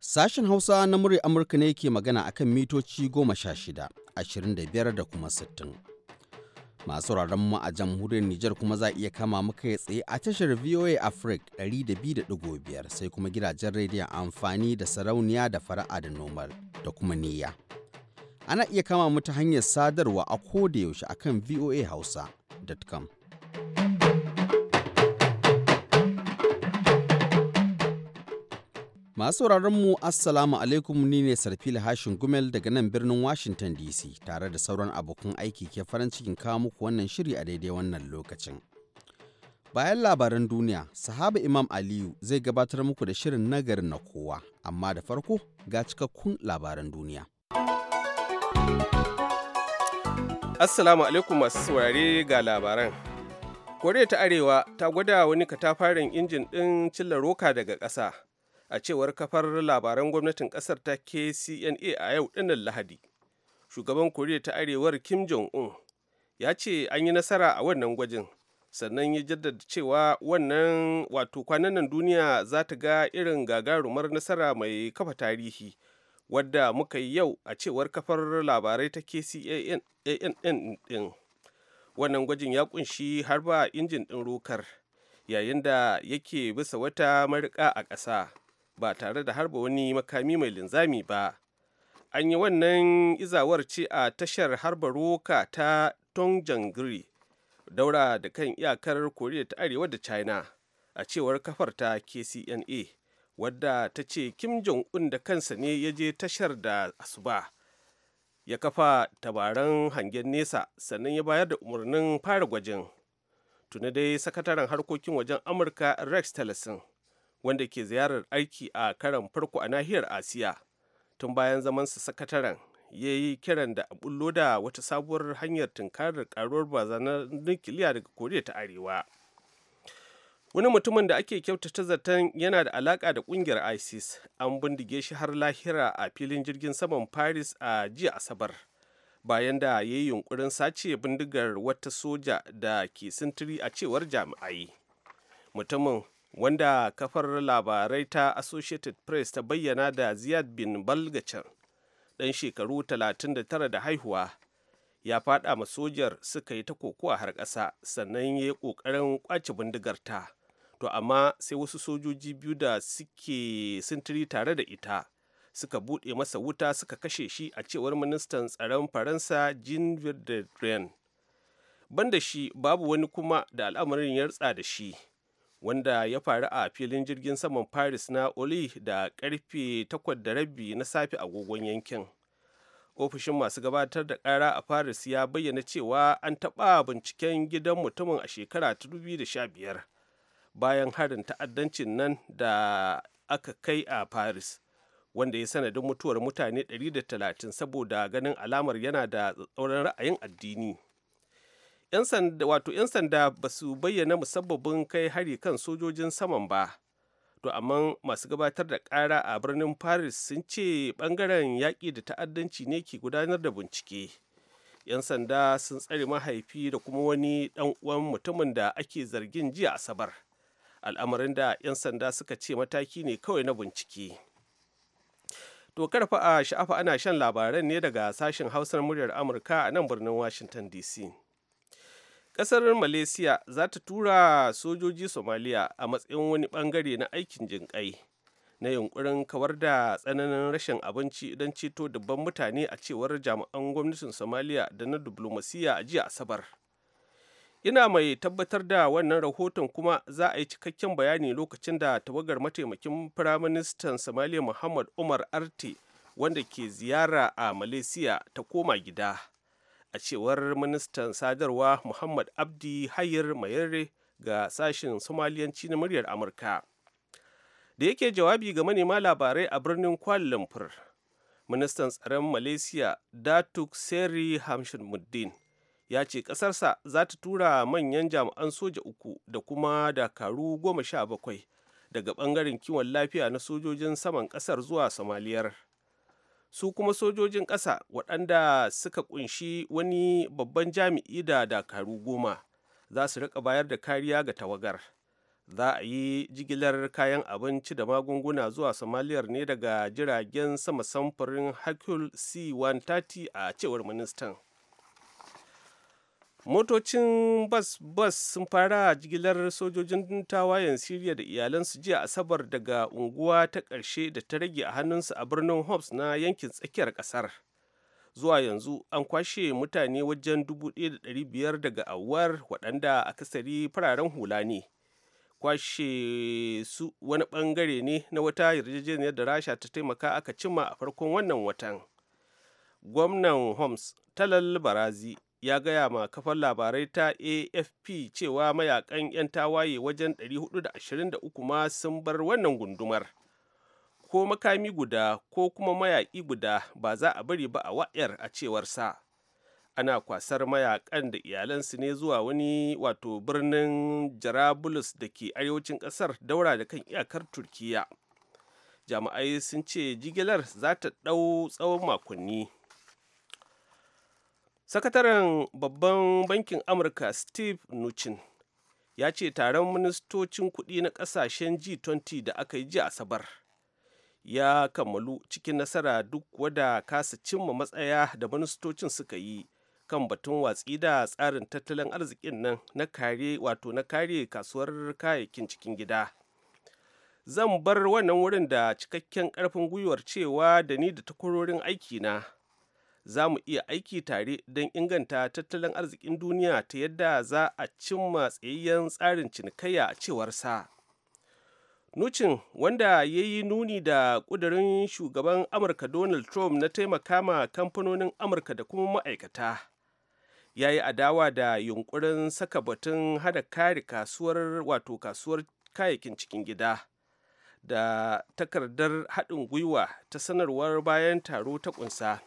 Sashen Hausa na murya Amurka ne ke magana a kan mitoci goma sha shida, ashirin da biyar da kuma sittin. Masu mu a jamhuriyar Nijar kuma za iya kama muka ya tsaye a tashar VOA Africa 200.5 sai kuma gidajen rediyon amfani da sarauniya da fara'a da nomal da kuma niyya. Ana iya kama mu ta hanyar sadarwa a koda yaushe kan VOA Hausa. amurka.com. Masu mu Assalamu alaikum ni ne Sarfila Hashin Gumel daga nan birnin Washington DC tare da sauran abokan aiki ke farin cikin kawo muku wannan shiri a daidai wannan lokacin. Bayan labaran duniya, sahaba Imam Aliyu zai gabatar muku da shirin nagarin na kowa, amma da farko ga cikakkun labaran duniya. Assalamu alaikum masu saurare ga labaran. Koriya ta Arewa ta gwada wani katafaren injin ɗin cilla roka daga ƙasa. A cewar kafar labaran gwamnatin ƙasar ta KCNA a yau ɗinnan Lahadi. Shugaban Koriya ta Arewar Kim Jong-un ya ce an yi nasara a wannan gwajin. sannan ya jaddada cewa wannan wato kwanan nan duniya za ta ga irin gagarumar nasara mai kafa tarihi wadda muka yi yau a cewar kafar labarai ta kcann din wannan gwajin ya kunshi har ba injin din rokar yayin da yake bisa wata marika a ƙasa ba tare da harba wani makami mai linzami ba an yi wannan izawar ce a tashar harba roka ta tongjangri daura da kan iyakar koriya ta arewa da china a cewar kafar ta kcna wadda ta ce kim jong-un da kansa ne ya je tashar da asuba ya kafa tabaran hangen nesa sannan ya bayar da umarnin fara gwajin tuni dai sakataren harkokin wajen amurka rex tillerson wanda ke ziyarar aiki a karan farko a nahiyar asiya tun bayan zaman zamansa sakataren ya yi kiran da a bullo da wata sabuwar hanyar tunkarar karuwar bazanar nukiliya daga koriya ta arewa wani mutumin da ake kyautata zaton yana da alaka da kungiyar isis an bindige shi har lahira a filin jirgin saman paris a jiya asabar bayan da ya yi yunkurin sace bindigar wata soja da ke sintiri a cewar jami'ai mutumin wanda kafar labarai ta associated press ta bayyana da ziyad bin Balgacin, ɗan shekaru 39 da haihuwa ya faɗa ma sojar suka yi ta kokowa har ƙasa sannan ya yi ƙoƙarin ƙwace bindigar ta to amma sai wasu sojoji biyu da suke sintiri tare da ita suka buɗe masa wuta suka kashe shi a cewar ministan tsaron faransa jean Ban banda shi babu wani kuma da al'amarin ya rutsa da shi wanda ya faru a filin jirgin saman paris na oli da karfe da rabi na safe agogon yankin ofishin masu gabatar da kara a paris ya bayyana cewa an taɓa binciken gidan mutumin a shekara 2015 bayan harin ta'addancin nan da aka kai a paris wanda ya sanadin mutuwar mutane 130 saboda ganin alamar yana da tsatsauran ra'ayin addini wato 'yan sanda ba su bayyana musabbabin kai hari kan sojojin saman ba to amma masu gabatar da ƙara a birnin paris sun ce ɓangaren yaƙi da ta'addanci ne ke gudanar da bincike 'yan sanda sun tsare mahaifi da kuma wani ɗan uwan mutumin da ake zargin jiya asabar al'amarin da 'yan sanda suka ce mataki ne kawai na bincike Tokar fa'a sha'afa ana shan labaran ne daga sashen hausar muryar amurka a nan birnin washington dc kasar malaysia za ta tura sojoji somaliya a matsayin wani bangare na aikin jinƙai na yunkurin kawar da tsananin rashin abinci don ceto dubban mutane a cewar jami'an gwamnatin somaliya da na diplomasiya a jiya asabar ina mai tabbatar da wannan rahoton kuma za a yi cikakken bayani lokacin da tawagar mataimakin firaministan somaliya muhammad umar arte wanda ke ziyara a malaysia ta koma gida a cewar ministan sadarwa muhammad abdi hayir mayarre ga sashen somaliyanci na muryar amurka da yake jawabi ga manema labarai a birnin kuala lumpur ministan tsaron malaysia datuk seri hamshin muddin ya ce ƙasarsa za ta tura manyan jami'an soja uku da kuma dakaru goma sha bakwai daga ɓangaren kiwon lafiya na sojojin saman ƙasar zuwa somaliyar su kuma sojojin ƙasa waɗanda suka ƙunshi wani babban jami'i da dakaru goma za su riƙa bayar da kariya ga tawagar za a yi jigilar kayan abinci da magunguna zuwa somaliyar ne daga jiragen sama samfurin hercule c-130 a cewar ministan motocin bas-bas sun fara jigilar sojojin tawayen siriya da iyalansu jiya asabar daga unguwa ta karshe da ta rage a hannunsu a birnin hobbs na yankin tsakiyar ƙasar zuwa yanzu an kwashe mutane wajen 1,500 daga awar waɗanda a akasari fararen hula ne kwashe su wani ɓangare ne na wata yarjejeniyar da rasha ta taimaka aka cimma a farkon wannan watan gwamnan homs talal barazi ya gaya ma kafar labarai ta afp cewa mayakan 'yan tawaye wajen 423 ma sun bar wannan gundumar ko makami guda ko kuma mayaƙi guda ba za a bari ba a wa'yar a cewarsa ana kwasar mayakan da iyalansu ne zuwa wani wato birnin jarabulus da ke arewacin ƙasar daura da kan iyakar turkiya jami'ai sun ce jigilar za ta ɗau tsawon makonni sakataren babban bankin amurka steve mnuchin ya ce taron ministocin kuɗi na ƙasashen g20 da aka yi ji asabar ya kammalu cikin nasara duk wada kasa cimma matsaya da ministocin suka yi kan batun watsi da tsarin tattalin arzikin nan na kare wato na kare kasuwar kayayyakin cikin gida zan bar wannan wurin da cikakken karfin gwiwar cewa da ni da takwarorin aiki na. za mu iya aiki tare don inganta tattalin arzikin duniya ta yadda za a cimma tsayayyen tsarin cinikayya a cewarsa. Nucin wanda ya yi nuni da ƙudurin shugaban Amurka Donald Trump na taimaka ma kamfanonin Amurka da kuma ma'aikata. Ya yi adawa da yunkurin saka batun hada kare kasuwar wato kasuwar kayayyakin cikin gida. Da takardar haɗin gwiwa ta sanarwar bayan taro ta ƙunsa.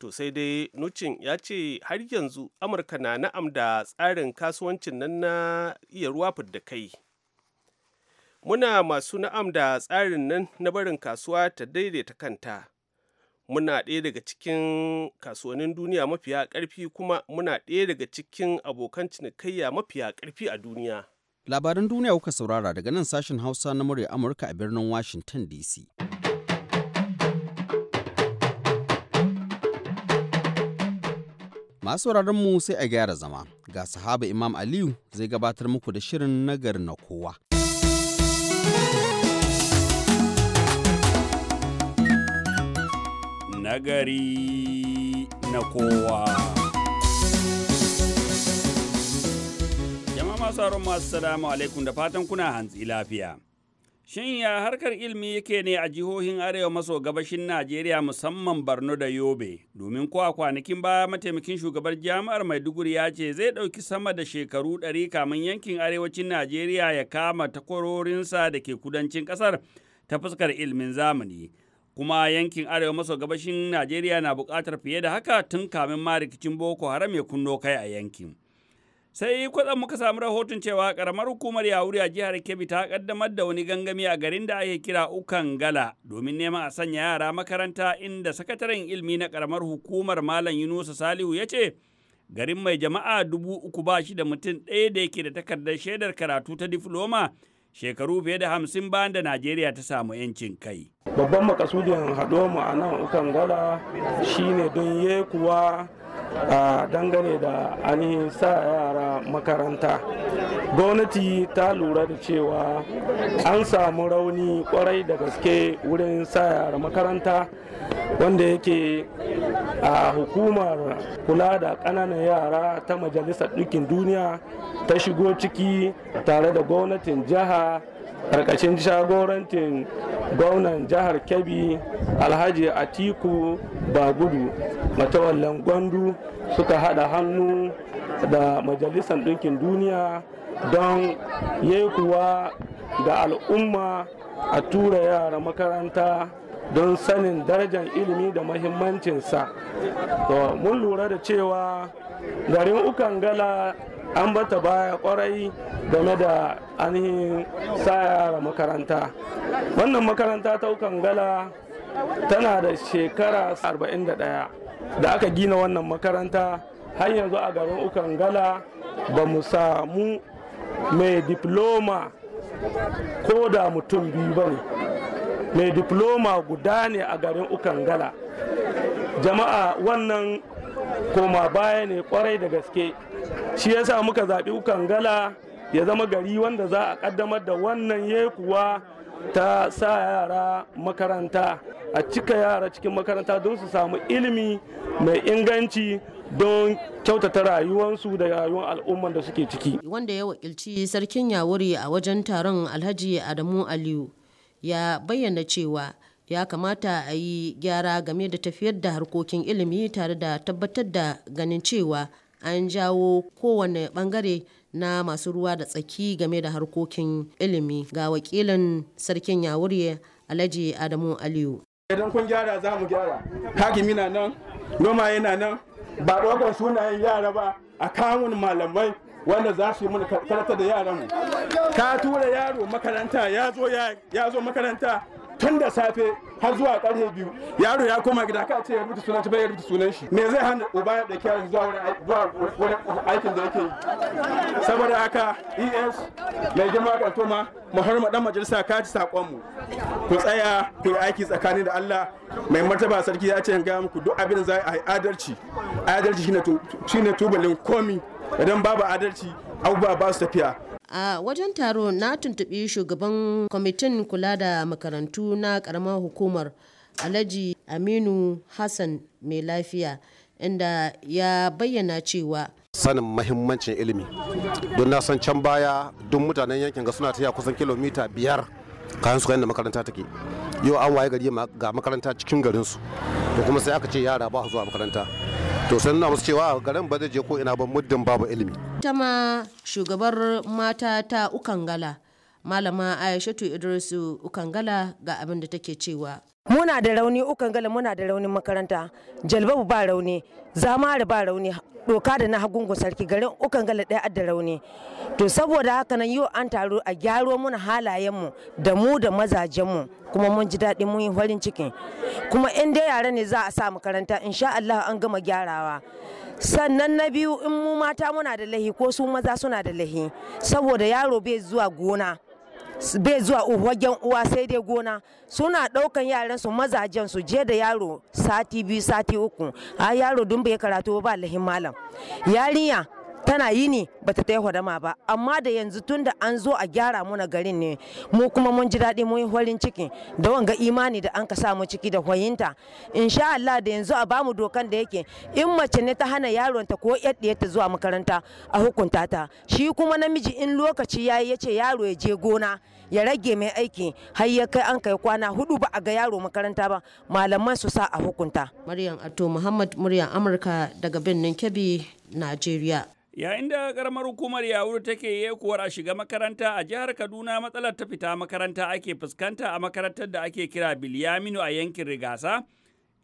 to sai dai nucin ya ce har yanzu amurka na na'am da tsarin kasuwancin nan na iya ruwa da kai muna masu na'am da tsarin nan na barin kasuwa ta daidaita kanta muna ɗaya daga cikin kasuwannin duniya mafiya ƙarfi kuma muna ɗaya daga cikin abokan cinikayya mafiya ƙarfi a duniya. Labaran duniya kuka saurara daga nan sashen Hausa na murya Amurka a birnin Washington DC. Masu mu sai a gyara zama, ga sahaba Imam Aliyu zai gabatar muku da shirin nagar na kowa. Nagari na kowa. Jama'a masu masu salamu alaikum da fatan kuna hantsi lafiya. Shin ya harkar ilimi yake ne a jihohin Arewa maso gabashin Najeriya musamman Borno da Yobe, domin kuwa kwanakin baya mataimakin shugabar jami'ar Maiduguri ya ce zai ɗauki sama da shekaru ɗari kamun yankin Arewacin Najeriya ya kama takwarorinsa da ke kudancin ƙasar ta fuskar ilimin zamani. Kuma yankin Arewa maso gabashin Najeriya na buƙatar fiye da haka tun kamin ma rikicin Boko Haram ya kunno kai a yankin. sai kwatsam muka samu rahoton cewa karamar hukumar yawuri a jihar kebbi ta kaddamar da wani gangami a garin da ake kira ukan gala domin neman a sanya yara makaranta inda sakataren ilmi na karamar hukumar malam yunusa salihu ya ce garin mai jama'a dubu uku ba shi da mutum ɗaya da yake da takardar shaidar karatu ta difloma shekaru fiye da hamsin bayan da najeriya ta samu 'yancin kai babban makasudin haɗuwar mu a nan ukan gala shine don yekuwa A dangane da ainihin sa yara makaranta gwamnati ta lura da cewa an samu rauni kwarai da gaske wurin sa yara makaranta wanda yake a hukumar kula da ƙananan yara ta majalisar dukkin duniya ta shigo ciki tare da gwamnatin jiha karkashin shagorantin gwamnan jihar kebbi alhaji atiku bagudu matawallan gwandu suka hada hannu da majalisar ɗinkin duniya don kuwa da al'umma a tura yara makaranta don sanin darajar ilimi da mahimmancinsa mun lura da cewa garin ukangala an bata baya kwarai game da ainihin sa yara makaranta wannan makaranta ta gala tana da shekara 41 da aka gina wannan makaranta har yanzu a garin ukangala ba mu samu mai diploma ko da mutum biyu ba ne mai diploma guda ne a garin ukangala jama'a wannan koma baya ne kwarai da gaske shi yasa muka zaɓi kangala ya zama gari wanda za a ƙaddamar da wannan yekuwa ta sa yara makaranta a cika yara cikin makaranta don su samu ilimi mai inganci don kyautata rayuwarsu da rayuwar al'ummar da suke ciki wanda ya wakilci sarkin yawuri a wajen taron alhaji adamu aliyu ya bayyana cewa ya kamata a yi gyara game da tafiyar da harkokin ilimi tare da tabbatar da ganin cewa an jawo kowane bangare na masu ruwa da tsaki game da harkokin ilimi ga wakilin sarkin yawurye alhaji adamu aliyu idan kun gyara za mu gyara hakimi na nan noma yana nan ba dokar sunayen yara ba a kamun malamai wanda za su yi mana karanta da yaran mu ka tura yaro makaranta ya zo makaranta tun da safe har zuwa karfe biyu yaro ya koma gida ka ce ya rubuta sunan ta bai rubuta sunan shi me zai hana uba ya dauki yaro zuwa wurin aikin da yake yi saboda haka es mai girma kantoma mu har dan majalisa ka ji sakon mu ku tsaya ku yi aiki tsakanin da Allah mai martaba sarki ya ce ga muku duk abin da za a yi adalci adalci shine tubalin komi idan babu adalci abubuwa ba su tafiya a wajen taro na tuntuɓi shugaban kwamitin kula da makarantu na karamar hukumar alhaji aminu hassan mai lafiya inda ya bayyana cewa sanin mahimmancin ilimi don na san can baya duk mutanen yankin ga suna taya kusan kilomita biyar kayan su kayan da makaranta take yau an waye gari ga makaranta cikin garin su to kuma sai aka ce yara ba su zuwa makaranta to sai nuna musu cewa garin ba zai je ko ina ba muddin babu ilimi ita ma shugabar mata ta ukangala malama aishatu idrisu ukangala ga abin da take cewa muna da rauni ukan gala muna da raunin makaranta jalbabu ba rauni zamari ba rauni doka da na hagungun sarki garin ukan gala ɗaya da rauni to saboda haka nan yau an taru a gyaro muna halayenmu da mu da mazajenmu kuma mun ji daɗi mun yi farin ciki kuma in dai yare ne za a sa makaranta insha Allah an gama gyarawa sannan na biyu in mu mata muna da lahi ko su maza suna da lahi saboda yaro bai zuwa gona bai zuwa wajen uwa sai dai gona suna ɗaukan yaran su mazajen su je da yaro sati biyu sati uku a yaro dun bai karatu ba lahin malam yarinya tana yi ne bata ta yi hwadama ba amma da yanzu tun da an zo a gyara muna garin ne mu kuma mun ji daɗi mun yi horin ciki da wanga imani da an ka sa mu ciki da hoyinta insha Allah da yanzu a bamu dokan da yake in mace ne ta hana yaronta ko ta zuwa makaranta a hukunta ta shi kuma namiji in lokaci yayi yace yaro ya je gona ya rage mai aiki har ya kai an kai kwana hudu ba a ga yaro makaranta ba malaman su sa a hukunta. Maryam Ato Muhammad muryar Amurka daga Birnin Kebbi, Najeriya. Yayin da karamar hukumar Yawuru take kuwar a shiga makaranta a jihar Kaduna matsalar ta fita makaranta ake fuskanta a makarantar da ake kira Bilyaminu a yankin Rigasa,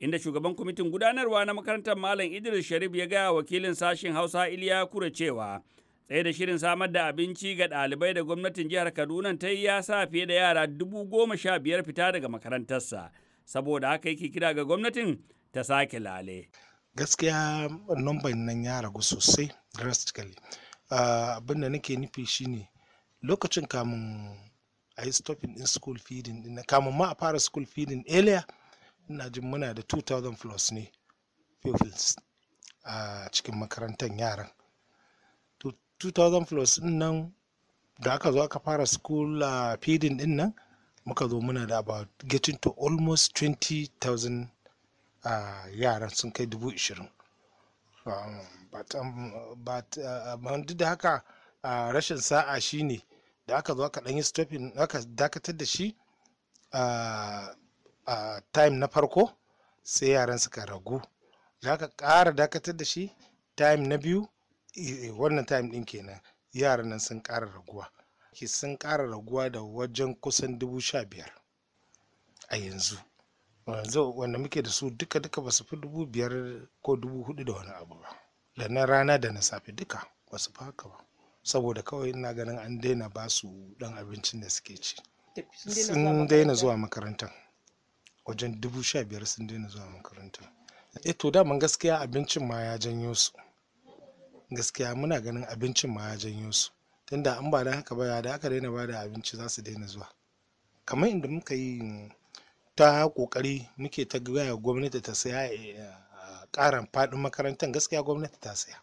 inda shugaban kwamitin gudanarwa na makarantar Malam Idris Sharif ya gaya wakilin sashen Hausa Iliya Kure cewa tsaye da shirin samar da abinci ga ɗalibai da gwamnatin jihar Kaduna ta yi ya sa fiye da yara dubu goma sha biyar fita daga makarantarsa, saboda haka yake kira ga gwamnatin ta sake lale. Gaskiya numban nan ya ragu sosai. drastically ah, abin da nake nufi shine lokacin kamun a yi stopping in school feeding din kamun ma a fara school feeding earlier ina jin muna da 2000 plus ne pupils a cikin makarantar yaran 2000 plus din nan da aka zo aka fara school feeding din nan muka zo muna da about getting to almost 20,000 uh, yaran sun kai dubu ishirin um, amma um, uh, um, duk da haka rashin sa'a shine da aka zo aka ɗanyi stopping aka dakatar da shi a time na farko sai yaran suka ragu da aka ƙara dakatar da shi time na biyu wannan time ɗin kenan yaran nan sun ƙara raguwa sun ƙara raguwa da wajen kusan dubu sha biyar a yanzu wanda muke da su duka-duka ba su fi dubu biyar ko dubu hudu da wani abu ba da na rana da na safe duka ba su ba saboda kawai ina ganin an daina ba su dan abincin da suke ci sun daina zuwa makarantar wajen dubu sha biyar sun daina zuwa makarantar e eh to daman gaskiya abincin ma ya janyo su gaskiya muna ganin abincin ma ya janyo su tunda an ba da haka ba da aka daina ba da abinci za su daina zuwa kamar inda muka yi ta kokari muke ta gaya gwamnati ta saya eh, ƙaran faɗin makarantar gaskiya gwamnati ta tsaya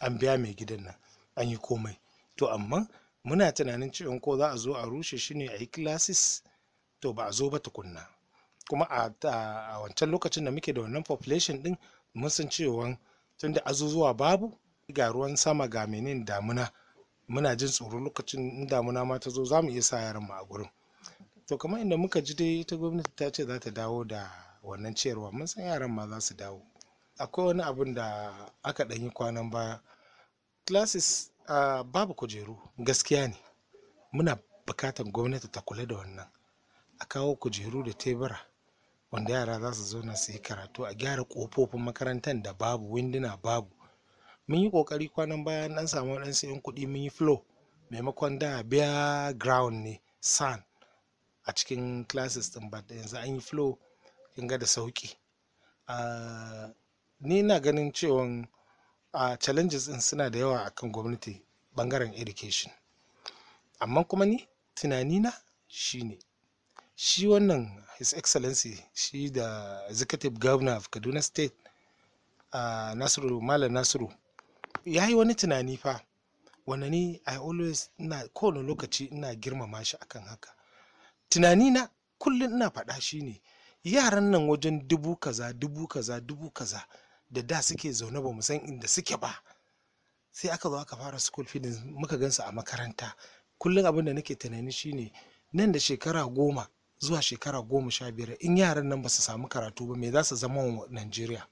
an biya mai gidan nan an yi komai to amma muna tunanin cewa ko za a zo a rushe shi ne a yi classes to ba a zo ba tukunna kuma a wancan lokacin da muke da wannan population din mun san cewa tunda azuzuwa babu ga ruwan sama ga menene damuna muna jin tsoro lokacin in damuna ma ta zo za mu iya sa yaran mu a gurin to kamar inda muka ji dai ta gwamnati ta ce za ta dawo da wannan ciyarwa mun san yaran ma za su dawo akwai wani abun da aka ɗan yi kwanan baya classes uh, babu kujeru gaskiya ne muna bukatar gwamnati ta kula da wannan a kawo kujeru da tebura wanda yara za su zauna su yi karatu a gyara kofofin makarantar da babu winduna babu mun yi ƙoƙari kwanan baya an samu waɗansu 'yan kuɗi mun yi flow maimakon da biya ground ne san a cikin classes ɗin ba yanzu an yi flow kin ga da sauƙi ni ina ganin cewan a challenges din suna da yawa akan gwamnati bangaren education amma kuma ni tunanina shine shi wannan his excellency shi da executive governor of kaduna state uh, nasiru malam nasiru ya yi wani tunani fa wanda ni i always ina kowane lokaci ina girmama shi akan haka tunani na kullum ina faɗa shi ne yaran nan wajen dubu kaza dubu kaza dubu kaza da da suke zaune ba san inda suke ba sai aka zo aka fara school feeding muka gansu a makaranta kullum abin da nake tunani shine nan da shekara goma zuwa shekara goma sha biyar in yaran nan ba su samu karatu ba me za su zama wa Najeriya.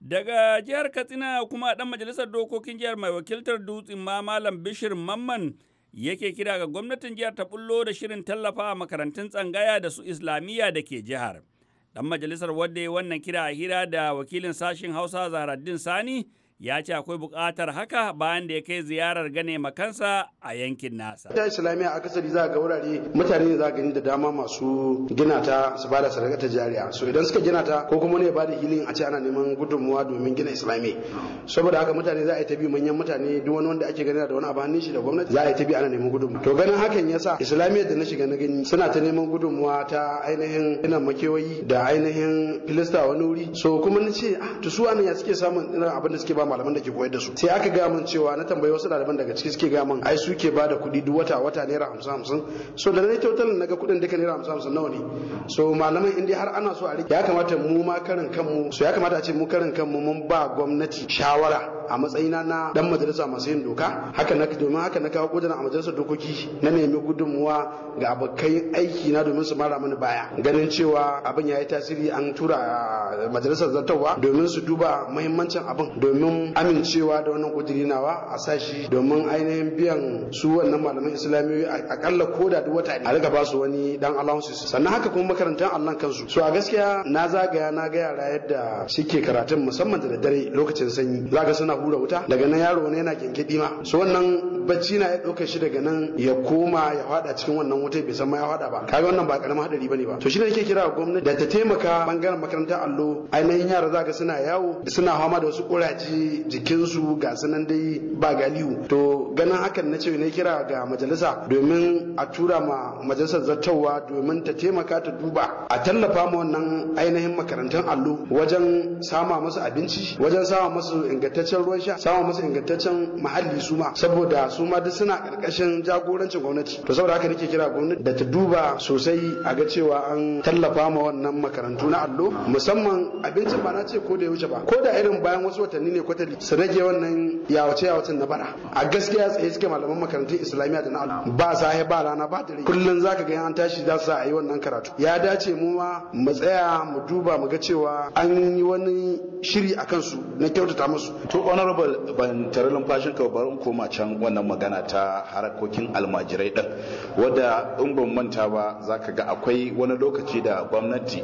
Daga jihar Katsina kuma dan majalisar dokokin jihar mai wakiltar dutsen ma Malam Bishir Mamman yake kira ga gwamnatin jihar ta bullo da shirin tallafa makarantun tsangaya da su Islamiyya da ke jihar. Dan majalisar wadda ya wannan kira a hira da wakilin sashen Hausa Zaharaddin Sani ya ce akwai bukatar haka bayan da ya kai ziyarar gane makansa a yankin nasa. Ta Islamiyya a kasari za ga wurare mutane za gani da dama masu gina ta su bada sadaka ta jariya. So idan suka gina ta ko kuma ne ba da hilin a ce ana neman gudunmuwa domin gina Islamiyya. Saboda haka mutane za a yi ta bi manyan mutane duk wani wanda ake gani da wani abu shi da gwamnati za a yi ta bi ana neman gudunmuwa. To ganin hakan yasa Islamiyya da na shiga na gani suna ta neman gudunmuwa ta ainihin ina makewayi da ainihin filista wani wuri. So kuma na ce ah to su ya suke samun abin da suke ba malaman da ke koyar da su sai aka ga min cewa na tambayi wasu daliban daga ciki suke ga min ai suke ba da kuɗi duk wata wata naira hamsin hamsin so da na total na ga kuɗin duka naira hamsin hamsin nawa ne so malaman in dai har ana so a rike ya kamata mu ma karin kanmu so ya kamata a ce mu karin kanmu mun ba gwamnati shawara a matsayina na dan majalisa masu yin doka haka na domin haka na kawo kudurin a majalisar dokoki na nemi gudunmuwa ga abokai aiki na domin su mara mani baya ganin cewa abin ya yi tasiri an tura majalisar zartarwa domin su duba muhimmancin abin domin amincewa da wannan kudiri nawa a sashi domin ainihin biyan su wannan malaman islamiyoyi akalla ko da duk wata a riga ba su wani dan allowances sannan haka kuma makarantar allon kansu so a gaskiya na zagaya na ga yara yadda suke karatun musamman da daddare lokacin sanyi zaka suna ana hura wuta daga nan yaro ne yana kinkidi ma su wannan bacci na ya ɗauka shi daga nan ya koma ya fada cikin wannan wuta bai san ma ya fada ba kaga wannan ba karamin hadari bane ba to shi ne nake kira gwamnati da ta taimaka bangaren makarantar allo ainihin yara za ka suna yawo suna hama da wasu kuraje jikinsu ga sanan dai ba galihu. to ganin hakan na ce ne kira ga majalisa domin a tura ma majalisar zattawa domin ta taimaka ta duba a tallafa ma wannan ainihin makarantun allo wajen sama musu abinci wajen sama musu ingantaccen ruwan sha sama musu ingantaccen muhalli su ma saboda su ma duk suna karkashin jagorancin gwamnati to saboda haka nake kira gwamnati da ta duba sosai a ga cewa an tallafa ma wannan makarantu na allo musamman abincin ba na ce ko da ya wuce ba ko da irin bayan wasu watanni ne kwatali su rage wannan yawace yawacin na bara a gaskiya tsaye suke malaman makarantun islamiyya da na allo ba sahe ba rana ba dare kullum zaka ga an tashi za su a yi wannan karatu ya dace mu ma mu tsaya mu duba mu ga cewa an yi wani shiri a kansu na kyautata musu to honorable ban tare lumfashin ka bar koma can wannan wannan magana ta harakokin almajirai ɗin wadda in ban manta ba za ka ga akwai wani lokaci da gwamnati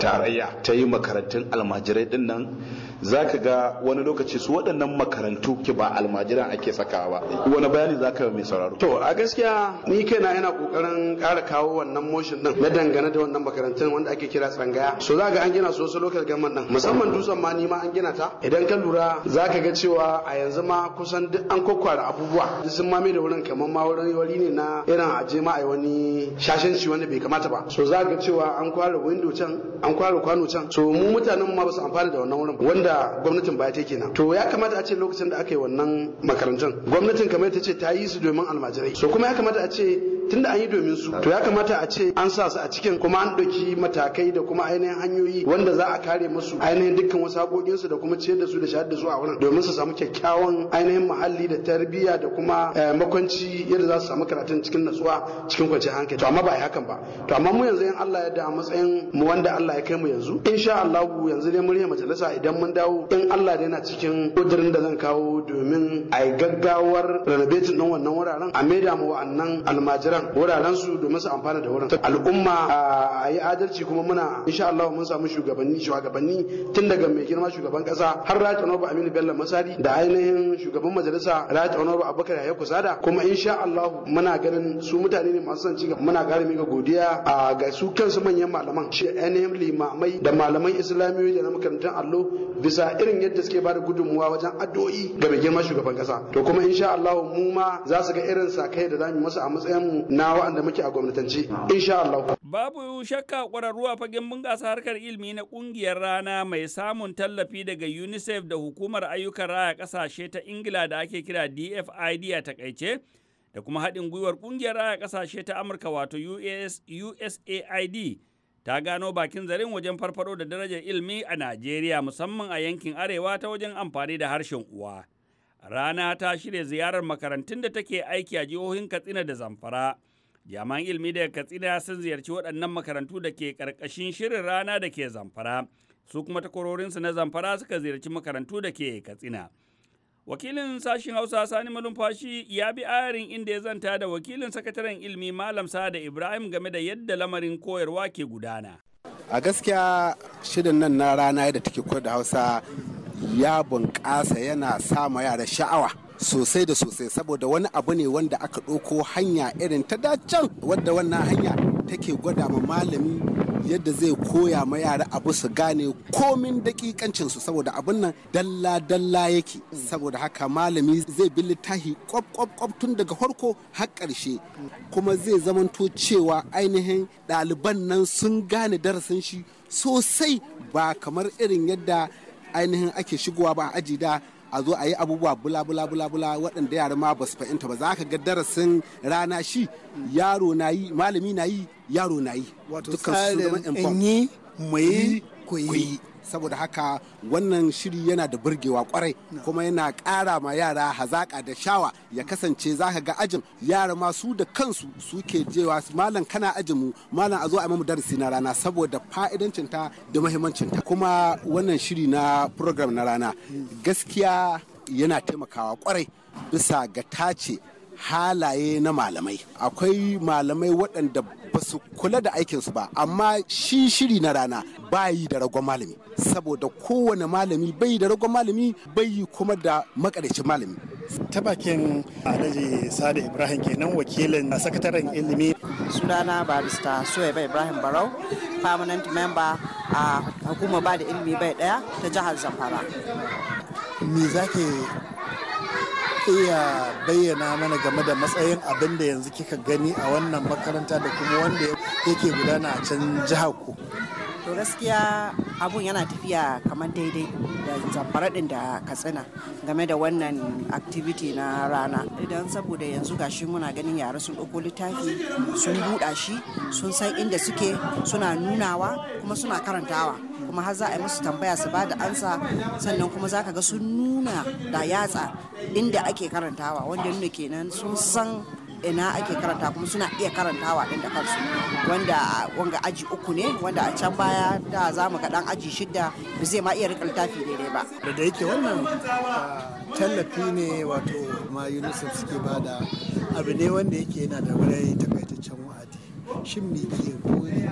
tarayya ta yi makarantun almajirai ɗin nan Za ka ga wani lokaci su waɗannan makarantu ki ba almajiran ake sakawa ba wani bayani za ka yi mai sauraro to a gaskiya ni kaina yana ƙoƙarin ƙara kawo wannan motion din na dangane da wannan makarantun wanda ake kira tsangaya so za ga an gina su wasu local government nan musamman dutsen ma ni ma an gina ta idan ka lura za ka ga cewa a yanzu ma kusan duk an kwakwara abubuwa duk sun ma da wurin kamar ma wurin wani ne na irin aje ma a wani shashanci wanda bai kamata ba so za ga cewa an kwara window can an kwara kwano can so mu mutanen ma ba su amfana da wannan wurin wanda da gwamnatin baya ta kenan to ya kamata a ce lokacin da aka yi wannan makarantun gwamnatin kamar ta ce ta yi su domin almajirai so kuma ya kamata a ce tunda an yi domin su to ya kamata a ce an sa su a cikin kuma an ɗauki matakai da kuma ainihin hanyoyi wanda za a kare musu ainihin dukkan wasu haƙoƙin su da kuma ciyar da su da shahar da su a wurin domin su samu kyakkyawan ainihin muhalli da tarbiyya da kuma eh, makwanci yadda za su samu karatun cikin natsuwa cikin kwanciyar hankali to amma ba a yi hakan ba to amma mu yanzu in Allah ya da matsayin mu wanda Allah ya kai mu yanzu insha Allah yanzu dai murya majalisa idan mun dawo in Allah da yana cikin kudirin da zan kawo domin a gaggawar renovating din wannan wuraren a maida mu wa'annan almajira wuraren su domin su amfana da wurin al'umma a yi adalci kuma muna insha Allah mun samu shugabanni shugabanni tun daga mai girma shugaban kasa har Raja Onoba Aminu Bello Masari da ainihin shugaban majalisa Raja Onoba Abubakar Yahya Kusada kuma insha Allah muna ganin su mutane ne masu son ga muna ƙara mika godiya a ga su kansu manyan malaman shi ainihin limamai da malaman islamiyoyi da na makarantar allo bisa irin yadda suke bada gudunmuwa wajen addu'o'i ga mai girma shugaban kasa to kuma insha Allah mu ma za su ga irin sakai da zamu masa a matsayin mu na wa'anda muke a gwamnatance insha Allah babu shakka ƙwararru a fagen bunƙasa harkar ilimi na ƙungiyar rana mai samun tallafi daga UNICEF da hukumar ayyukan raya ƙasashe ta Ingila da ake kira DFID a takaice da kuma haɗin gwiwar ƙungiyar raya ƙasashe ta Amurka wato USAID ta gano bakin zarin wajen farfado da darajar ilimi a Najeriya musamman a yankin arewa ta wajen amfani da harshen uwa. Rana ta shirya ziyarar makarantun da take aiki a jihohin Katsina da Zamfara. Jami'an ilmi daga Katsina sun ziyarci waɗannan makarantu da ke ƙarƙashin shirin rana da ke Zamfara. Su kuma takwarorinsu na Zamfara suka ziyarci makarantu da ke Katsina. Wakilin sashen Hausa Sani Malumfashi ya bi ayarin inda ya zanta da wakilin sakataren ilmi Malam Sada Ibrahim game da yadda lamarin koyarwa ke gudana. A gaskiya shirin nan na rana da take koyar da Hausa ya bunƙasa yana sama yara sha'awa sosai da sosai saboda wani abu ne wanda aka ɗauko hanya irin ta dacen wadda wannan hanya take gwada ma malami yadda zai koya ma yara abu su gane komin dakikancin su saboda abun nan dalla dalla yake saboda haka malami zai bi littafi kwab kwab tun daga farko har karshe kuma zai zamanto cewa ainihin ɗaliban nan sun gane darasin shi sosai ba kamar irin yadda ainihin ake shigowa ba aji da a zo a yi abubuwa bula bula bula bula waɗanda yara ma ba su fahimta ba za ka ga darasin rana shi yaro na yi malami na yi yaro na yi wato tsarin in yi koyi saboda haka wannan shiri yana da burgewa kwarai kuma yana kara ma yara hazaƙa da shawa ya kasance za ka ga ajin yara ma su da kansu suke jewa malam kana ajin mu malam a zo a mamu darasi na rana saboda fa'idancin ta da muhimmancin ta kuma wannan shiri na program na rana hmm. gaskiya yana taimakawa kwarai bisa ga tace halaye na malamai akwai malamai waɗanda ba su kula da aikinsu ba amma shi shiri na rana bayi da ragon malami saboda kowane malami bai da ragon malami bai kuma da makarici malami ta bakin alhaji sada ibrahim kenan wakilin sakataren ilimi sunana barista suwaiba ibrahim barau permanent member a hukumar ba da ilimi bai daya ta jihar zamfara me zake ku iya bayyana mana game da matsayin abin da yanzu kika gani a wannan makaranta da kuma wanda yake gudana a can jihar ku to gaskiya abun yana tafiya kamar daidai da zamfaraɗin da katsina game da wannan activity na rana idan saboda yanzu gashi muna ganin yara sun ɗauko littafi sun buɗa shi sun san inda suke suna nunawa kuma suna karantawa kuma har za a yi musu tambaya su ba da ansa sannan kuma za ka ga sun nuna da yatsa inda ake karantawa wanda nuna kenan sun san ina ake karanta kuma suna iya karantawa din da kansu wanda wanga aji uku ne wanda a can baya da za mu ga dan aji shida ba zai ma iya rika littafi daidai ba da yake wannan ah, tallafi ne wato ma yunusuf suke bada abu ne wanda yake yana da wurai takaitaccen shin me ke buri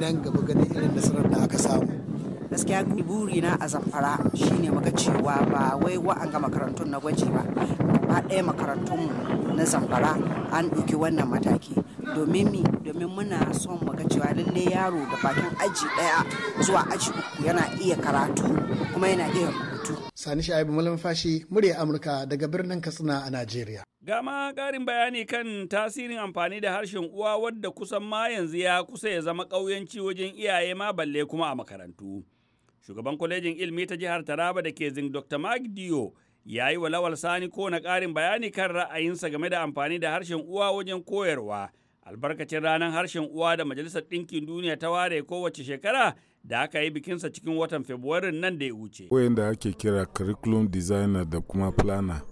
nan gaba ganin irin nasarar da aka samu gaskiya buri na a zamfara shine muka cewa ba wai ga makarantun na gwaji ba ba ɗaya makarantun na zamfara an ɗauki wannan mataki domin mi domin muna son muga cewa lalle yaro da bakin aji ɗaya zuwa aji uku yana iya karatu kuma yana iya Sani Sha'ibu Fashi, murya Amurka daga birnin Katsina a Najeriya. Gama ƙarin bayani kan tasirin amfani da harshen uwa wadda kusan ma yanzu ya kusa ya zama ƙauyanci wajen iyaye ma balle kuma a makarantu. Shugaban kwalejin ilmi ta jihar Taraba da ke zin Dr. Magdiyo ya yi wa Lawal Sani ko na ƙarin bayani kan ra'ayinsa game da amfani da harshen uwa wajen koyarwa. albarkacin ranar harshen uwa da majalisar ɗinkin duniya ta ware kowace shekara da aka yi bikinsa cikin watan february nan da ya wuce. da ake kira curriculum designer da kuma planner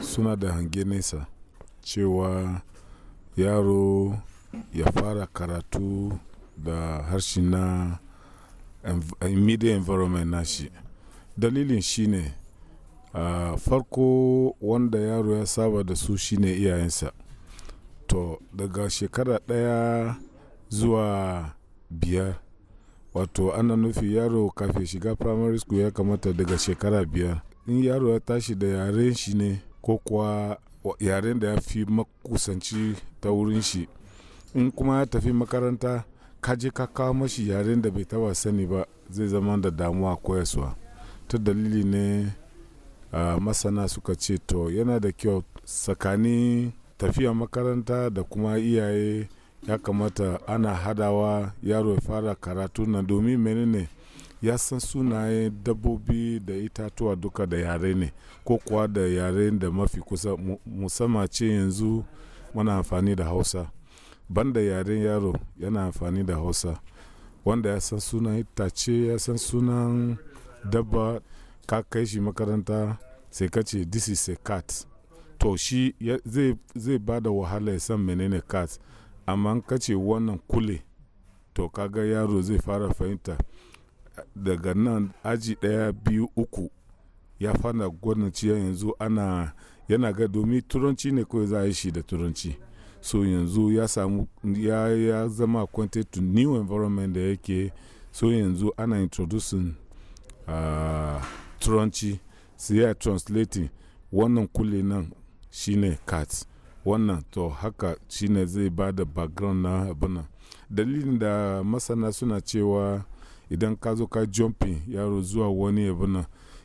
suna da hange nesa cewa yaro ya fara karatu da harshe na immediate eh, environment nashi dalilin shine a ah, farko wanda yaro ya saba da su shine iyayensa to daga shekara ɗaya zuwa biyar wato ana nufi yaro kafin shiga primary school ya kamata daga shekara biyar in yaro ya tashi da yaren shi ne ko kuwa yaren da ya fi makusanci ta wurin shi in kuma ya tafi makaranta kaje ka kawo mashi yaren da bai taba sani ba zai zama da damuwa koyaswa ta dalili ne ah, masana suka ce to yana da kyau tsakanin tafiya makaranta da kuma iyaye ya kamata ana hadawa yaro ya fara karatu na domin menene ya san sunaye dabbobi da itatuwa duka da yare ne ko kuwa da yare da mafi kusa musamman ce yanzu mana amfani da hausa banda yaren yaro yana amfani da hausa wanda ya san sunan itace ya san sunan dabba ka kai shi makaranta sai ka ce this is a cat to shi zai ba da wahala ya san menene cat amma ka ce wannan kule to kaga yaro zai fara fahimta daga nan aji daya biyu uku ya fara ciyar yanzu ana yana ga domin turanci ne kawai za a shi da turanci so yanzu ya samu ya, ya zama acquainted to new environment da yake so yanzu ana introducing uh, turanci sai ya translating wannan kule nan shine cat wannan to haka shine zai ba da background na abinan dalilin da masana suna cewa idan ka zo ka jumping yaro zuwa wani abinan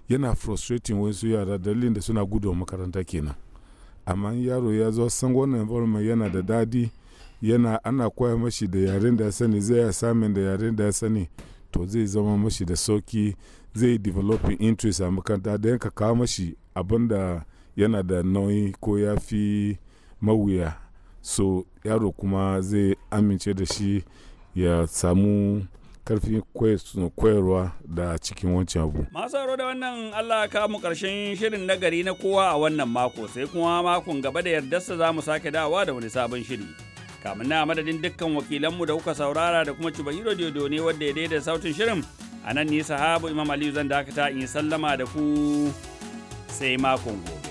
yana frustrating wasu yara dalilin da suna gudu makaranta kenan amma yaro ya zo san wannan environment yana da dadi yana ana koya mashi da yaren da ya sani zai ya samun da yaren da ya sani to zai zama mashi da sauki zai developing interest a makaranta da yanka kawo mashi abin da yana da nauyi ko ya fi mawuya so yaro kuma zai amince da shi ya samu karfi koyarwa da cikin wancan abu. Masu aro da wannan Allah ka mu karshen shirin nagari na kowa a wannan mako sai kuma makon gaba da yardarsa za mu sake dawa da wani sabon shiri. Kamin na madadin dukkan wakilanmu da kuka saurara da kuma hiro Dodo ne wadda ya daidai sautin shirin a nan ni sahabu Imam Aliyu zan dakata in sallama da ku sai makon gobe.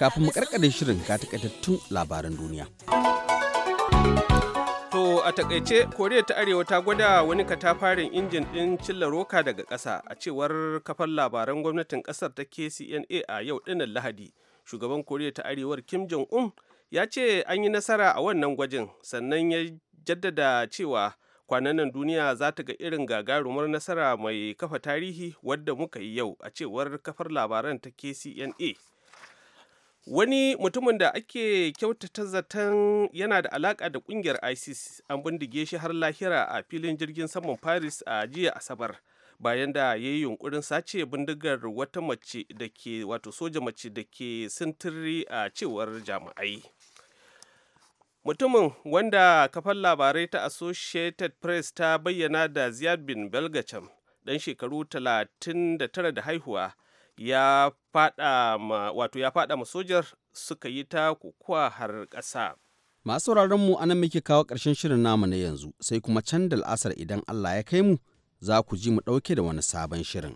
kafin mu karkare shirin ga takaitattun labaran duniya. To a takaice Koriya ta Arewa ta gwada wani katafaren injin ɗin cilla roka daga ƙasa a cewar kafar labaran gwamnatin ƙasar ta KCNA a yau ɗinnan Lahadi. Shugaban Koriya ta Arewar Kim Jong-un ya ce an yi nasara a wannan gwajin sannan ya jaddada cewa kwanan nan duniya za ta ga irin gagarumar nasara mai kafa tarihi wadda muka yi yau a cewar kafar labaran ta kcna wani mutumin da ake kyautata zaton yana da alaka da kungiyar isis an bindige shi har lahira a filin jirgin saman paris a jiya asabar bayan da ya yi yunkurin sace bindigar wata mace da ke wato soja mace da ke sintiri a cewar jami'ai mutumin wanda kafar labarai ta associated press ta bayyana da ziyad bin belgacham dan shekaru 39 da haihuwa ya fada ma wato ya fada ma sojar suka yi ta kukuwa har ƙasa. Masu mu anan muke kawo ƙarshen shirin namu na yanzu sai kuma can da al'asar idan Allah ya kai mu za ku ji mu ɗauke da wani sabon shirin.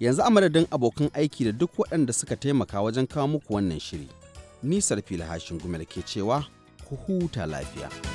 Yanzu a madadin abokan aiki da duk waɗanda suka taimaka wajen kawo muku wannan shiri. Ni Sarfila Hashin Gumel ke cewa ku huta lafiya.